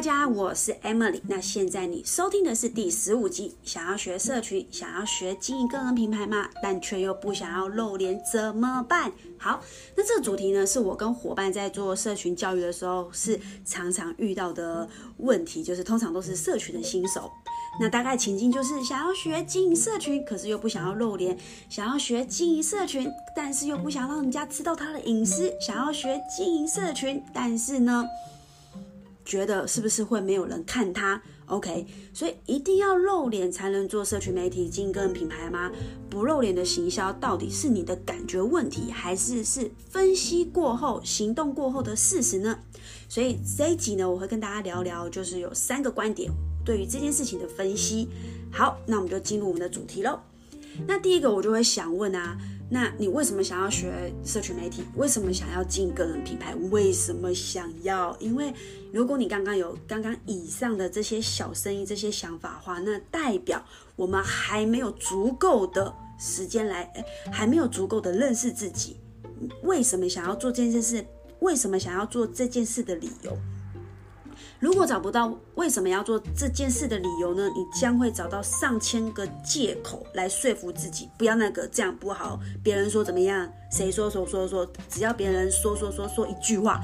大家，我是 Emily。那現在你收聽的是第十五集。想要學社群，想要學經營個人品牌嗎？但卻又不想要露臉，怎麼辦？好，那這個主題呢，是我跟夥伴在做社群教育的時候，是常常遇到的問題。就是通常都是社群的新手，那大概情境就是想要學經營社群，可是又不想要露臉；想要學經營社群，但是又不想讓人家知道他的隱私；想要學經營社群，但是呢，覺得是不是會沒有人看他？OK，所以一定要露臉才能做社群媒體經營個人品牌嗎？不露臉的行銷到底是你的感覺問題，還是是分析過後行動過後的事實呢？所以這一集呢，我會跟大家聊聊，就是有三個觀點對於這件事情的分析。好，那我們就進入我們的主題嘍。那第一個我就會想問啊。那你為什麼想要學社群媒體？為什麼想要進個人品牌？為什麼想要？因為如果你剛剛有剛剛以上的這些小聲音、這些想法的話，那代表我們還沒有足夠的時間來，還沒有足夠的認識自己，為什麼想要做這件事？為什麼想要做這件事的理由？如果找不到為什麼要做這件事的理由呢？你將會找到上千個借口來說服自己不要，那個這樣不好。別人說怎麼樣？誰說說說說？只要別人說說說說一句話，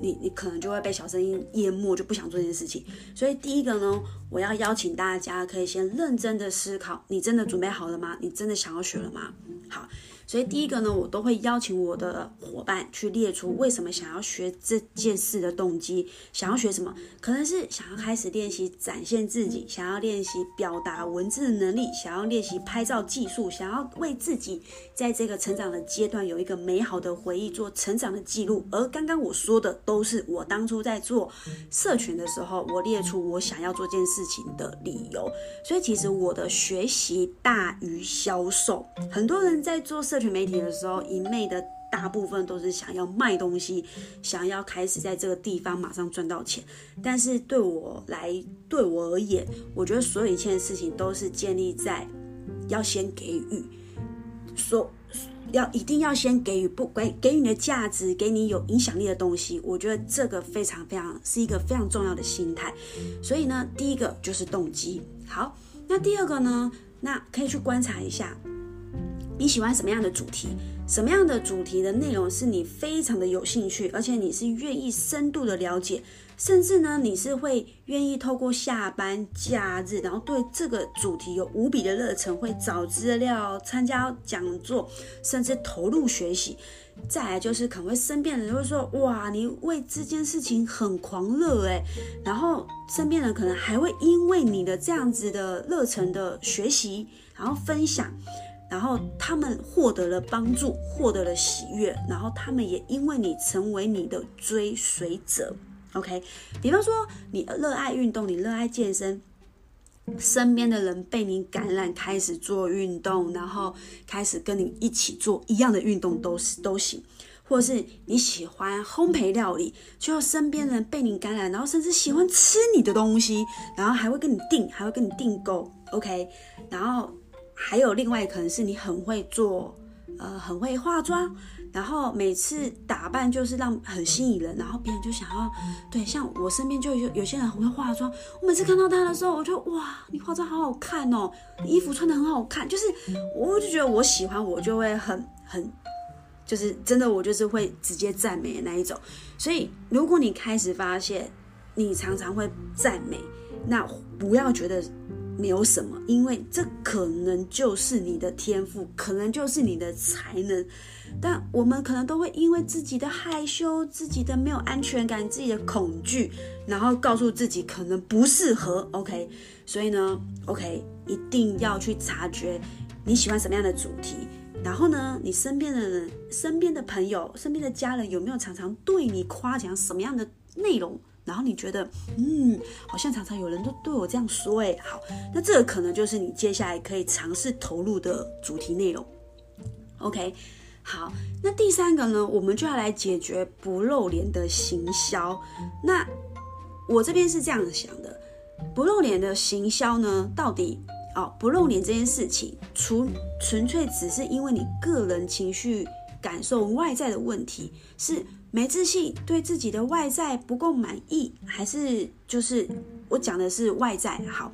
你你可能就會被小聲音淹沒，就不想做這件事情。所以第一個呢，我要邀請大家可以先認真的思考：你真的準備好了嗎？你真的想要學了嗎？好。所以第一個呢，我都會邀請我的夥伴去列出為什麼想要學這件事的動機，想要學什麼，可能是想要開始練習展現自己，想要練習表達文字的能力，想要練習拍照技術，想要為自己在這個成長的階段有一個美好的回憶做成長的記錄。而剛剛我說的都是我當初在做社群的時候，我列出我想要做這件事情的理由。所以其實我的學習大於銷售，很多人在做社媒體的時候，一昧的大部分都是想要賣東西，想要開始在這個地方馬上賺到錢。但是對我來，對我而言，我覺得所有一切的事情都是建立在要先給予，說要一定要先給予，不給給予你的價值，給你有影響力的東西。我覺得這個非常非常是一個非常重要的心態。所以呢，第一個就是動機。好，那第二個呢？那可以去觀察一下。你喜歡什麼樣的主題？什麼樣的主題的內容是你非常的有興趣，而且你是願意深度的了解，甚至呢你是會願意透過下班假日，然後對這個主題有無比的熱忱，會找資料、參加講座，甚至投入學習。再來就是可能會身邊人會說：“哇，你為這件事情很狂熱誒”。然後身邊人可能還會因為你的這樣子的熱忱的學習，然後分享。然後他們獲得了幫助，獲得了喜悅，然後他們也因為你成為你的追隨者。OK，比方說你熱愛運動，你熱愛健身，身邊的人被你感染，開始做運動，然後開始跟你一起做一樣的運動，都是都行。或是你喜歡烘焙料理，就身邊的人被你感染，然後甚至喜歡吃你的東西，然後還會跟你訂，還會跟你訂購。OK，然後。還有另外可能是你很會做，呃，很會化妝，然後每次打扮就是讓很吸引人，然後別人就想要對，像我身邊就有有些人很會化妝，我每次看到他的時候，我就哇，你化妝好好看哦，衣服穿得很好看，就是我就覺得我喜歡，我就會很很，就是真的我就是會直接讚美的那一種，所以如果你開始發現你常常會讚美，那不要覺得。沒有什麼，因為這可能就是你的天賦，可能就是你的才能，但我們可能都會因為自己的害羞、自己的沒有安全感、自己的恐懼，然後告訴自己可能不適合。OK，所以呢，OK，一定要去察覺你喜歡什麼樣的主題，然後呢，你身邊的人、身邊的朋友、身邊的家人有沒有常常對你誇獎什麼樣的內容？然後你覺得，嗯，好像常常有人都對我這樣說，哎，好，那這個可能就是你接下來可以嘗試投入的主題內容。OK，好，那第三個呢，我們就要來解決不露臉的行銷。那我這邊是這樣想的，不露臉的行銷呢，到底哦，不露臉這件事情，除純、純粹只是因為你個人情緒感受外在的問題是。沒自信，對自己的外在不夠滿意，還是就是我講的是外在好。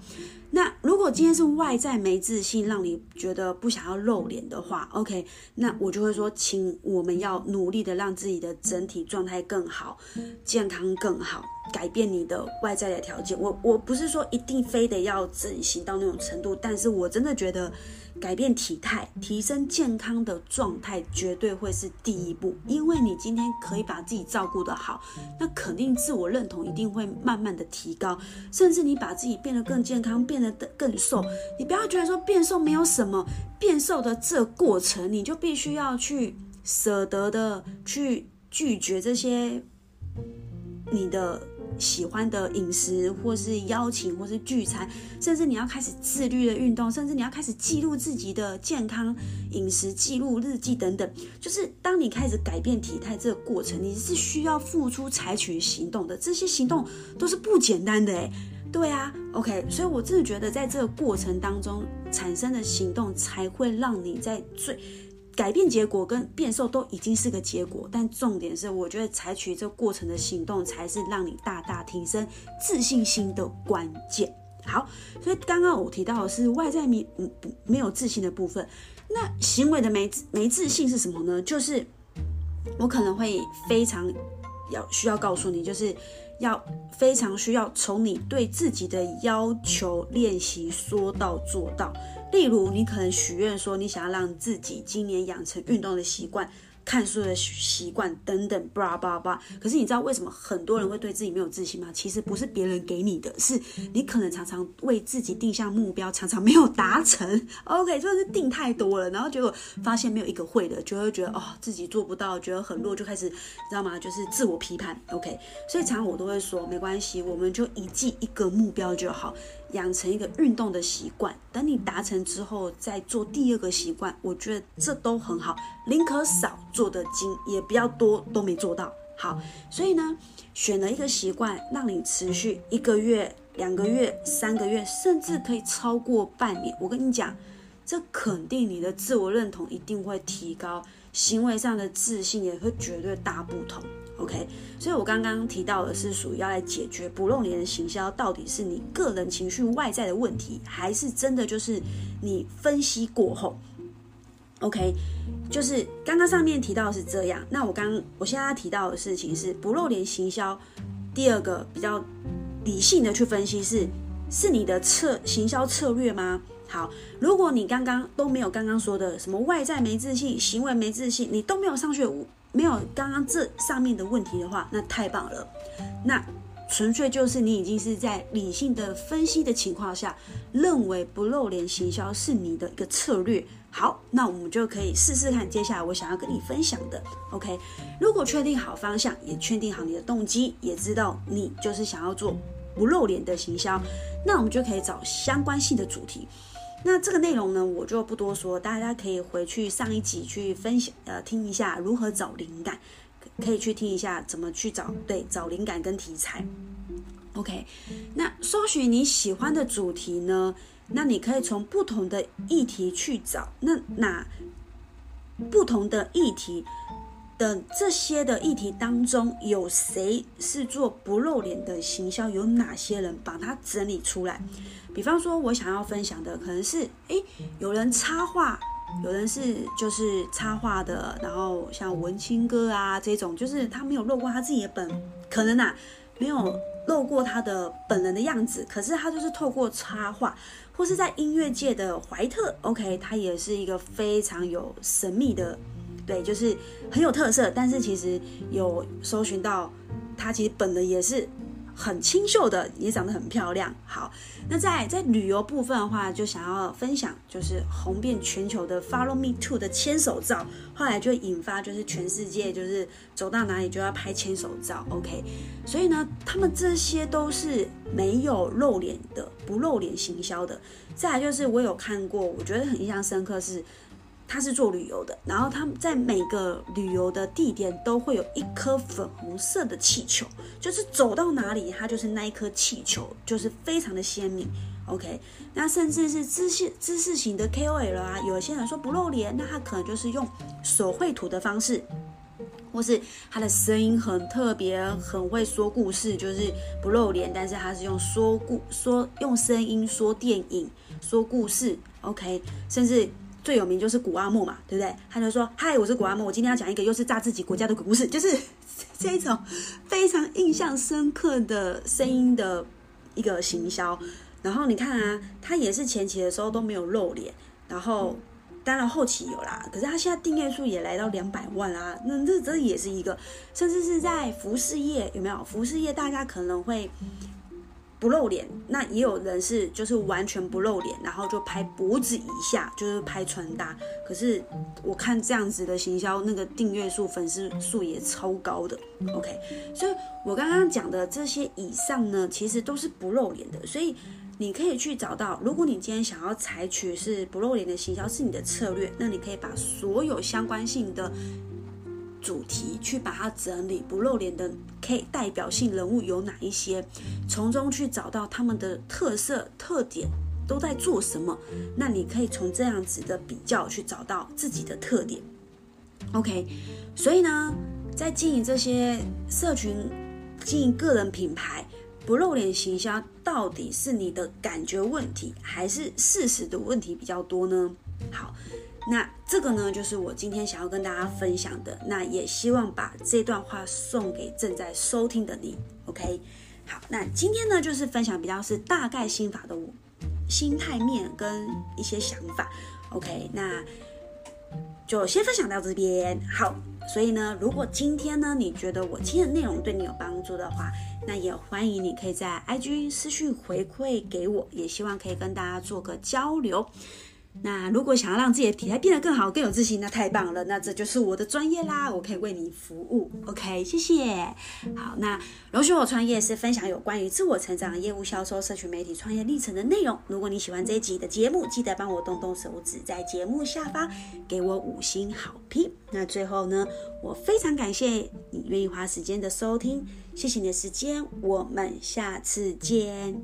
那如果今天是外在沒自信，讓你覺得不想要露臉的話，OK，那我就會說，請我們要努力的讓自己的整體狀態更好，健康更好，改變你的外在的條件。我我不是說一定非得要整形到那種程度，但是我真的覺得。改變體態，提升健康的狀態，絕對會是第一步。因為你今天可以把自己照顧得好，那肯定自我認同一定會慢慢的提高。甚至你把自己變得更健康，變得更瘦，你不要覺得說，變瘦沒有什麼，變瘦的這過程，你就必須要去捨得的去拒絕這些你的，喜歡的飲食，或是邀請，或是聚餐，甚至你要開始自律的運動，甚至你要開始記錄自己的健康飲食、記錄日記等等。就是當你開始改變體態這個過程，你是需要付出採取行動的。這些行動都是不簡單的誒，對啊，OK。所以我真的覺得，在這個過程當中產生的行動，才會讓你在最。改變結果跟變瘦都已經是個結果，但重點是，我覺得採取這個過程的行動才是讓你大大提升自信心的關鍵。好，所以剛剛我提到的是外在沒沒有自信的部分，那行為的沒沒自信是什麼呢？就是我可能會非常要需要告訴你，就是。要非常需要從你對自己的要求練習，說到做到。例如，你可能許願說，你想要讓自己今年養成運動的習慣。看書的習慣等等，巴拉巴拉巴拉。可是你知道為什麼很多人會對自己沒有自信嗎？其實不是別人給你的，是你可能常常為自己定下目標，常常沒有達成。OK，就是定太多了，然後結果發現沒有一個會的，就會覺得，覺得哦，自己做不到，覺得很弱，就開始，你知道嗎？就是自我批判。OK，所以常常我都會說，沒關係，我們就一季一個目標就好。養成一個運動的習慣，等你達成之後再做第二個習慣，我覺得這都很好，寧可少做得精，也不要多都沒做到。好，所以呢，選了一個習慣，讓你持續一個月、兩個月、三個月，甚至可以超過半年。我跟你講，這肯定你的自我認同一定會提高。行為上的自信也會絕對大不同，OK？所以我剛剛提到的是屬於要來解決不露臉的行銷，到底是你個人情緒外在的問題，還是真的就是你分析過後，OK？就是剛剛上面提到的是這樣，那我剛我現在要提到的事情是不露臉行銷，第二個比較理性的去分析是，是你的策行銷策略嗎？好，如果你剛剛都沒有剛剛說的什麼外在沒自信、行為沒自信，你都沒有上去，沒有剛剛這上面的問題的話，那太棒了。那純粹就是你已經是在理性的分析的情況下，認為不露臉行銷是你的一個策略。好，那我們就可以試試看接下來我想要跟你分享的。OK，如果確定好方向，也確定好你的動機，也知道你就是想要做不露臉的行銷，那我們就可以找相關性的主題。那這個內容呢，我就不多說，大家可以回去上一集去分享，呃，聽一下如何找靈感，可以去聽一下怎麼去找，對，找靈感跟題材。OK，那搜尋你喜歡的主題呢？那你可以從不同的議題去找。那哪不同的議題，等這些的議題當中，有誰是做不露臉的行銷？有哪些人把它整理出來？比方說，我想要分享的可能是誒，有人插畫，有人是就是插畫的，然後像文青哥啊這種，就是他沒有露過他自己的本，可能吶、啊，沒有露過他的本人的樣子，可是他就是透過插畫，或是在音樂界的懷特，OK，他也是一個非常有神秘的，對，就是很有特色，但是其實有搜尋到，他其實本人也是，很清秀的，也長得很漂亮。好，那在在旅遊部分的話，就想要分享，就是紅遍全球的 Follow Me To 的牽手照，後來就引發就是全世界就是走到哪裡就要拍牽手照。OK，所以呢，他們這些都是沒有露臉的，不露臉行銷的。再來就是我有看過，我覺得很印象深刻是。他是做旅遊的，然後他在每個旅遊的地點都會有一顆粉紅色的氣球，就是走到哪裡，他就是那一顆氣球，就是非常的鮮明。OK，那甚至是知識、知識型的 KOL 啊，有些人說不露臉，那他可能就是用手繪圖的方式，或是他的聲音很特別，很會說故事，就是不露臉，但是他是用說故，說用聲音說電影，說故事。OK，甚至。最有名就是古阿莫嘛，對不對？他就說：“嗨，我是古阿莫，我今天要講一個又是炸自己國家的鬼故事，就是這一種非常印象深刻的聲音的一個行銷。然後你看啊，他也是前期的時候都沒有露臉，然後當然後期有啦。可是他現在訂閱數也來到兩百萬啊，那這這也是一個，甚至是在服飾業有沒有？服飾業大家可能會。”不露臉，那也有人是就是完全不露臉，然後就拍脖子以下，就是拍穿搭。可是我看這樣子的行銷，那個訂閱數、粉絲數也超高的。OK，所以我剛剛講的這些以上呢，其實都是不露臉的。所以你可以去找到，如果你今天想要採取是不露臉的行銷，是你的策略，那你可以把所有相關性的。主題去把它整理，不露臉的 K 代表性人物有哪一些？從中去找到他們的特色特點，都在做什麼？那你可以從這樣子的比較去找到自己的特點。OK，所以呢，在經營這些社群、經營個人品牌、不露臉行銷，到底是你的感覺問題，還是事實的問題比較多呢？好。那這個呢，就是我今天想要跟大家分享的。那也希望把這段話送給正在收聽的你。OK，好。那今天呢，就是分享比較是大概心法的，心態面跟一些想法。OK，那就先分享到這邊。好，所以呢，如果今天呢，你覺得我今天的內容對你有幫助的話，那也歡迎你可以在 IG 私訊回饋給我，也希望可以跟大家做個交流。那如果想要讓自己的體態變得更好、更有自信，那太棒了！那這就是我的專業啦，我可以為你服務。OK，謝謝。好，那容許我創業是分享有關於自我成長、業務銷售、社群媒體創業歷程的內容。如果你喜歡這一集的節目，記得幫我動動手指，在節目下方給我五星好評。那最後呢，我非常感謝你願意花時間的收聽，謝謝你的時間，我們下次見。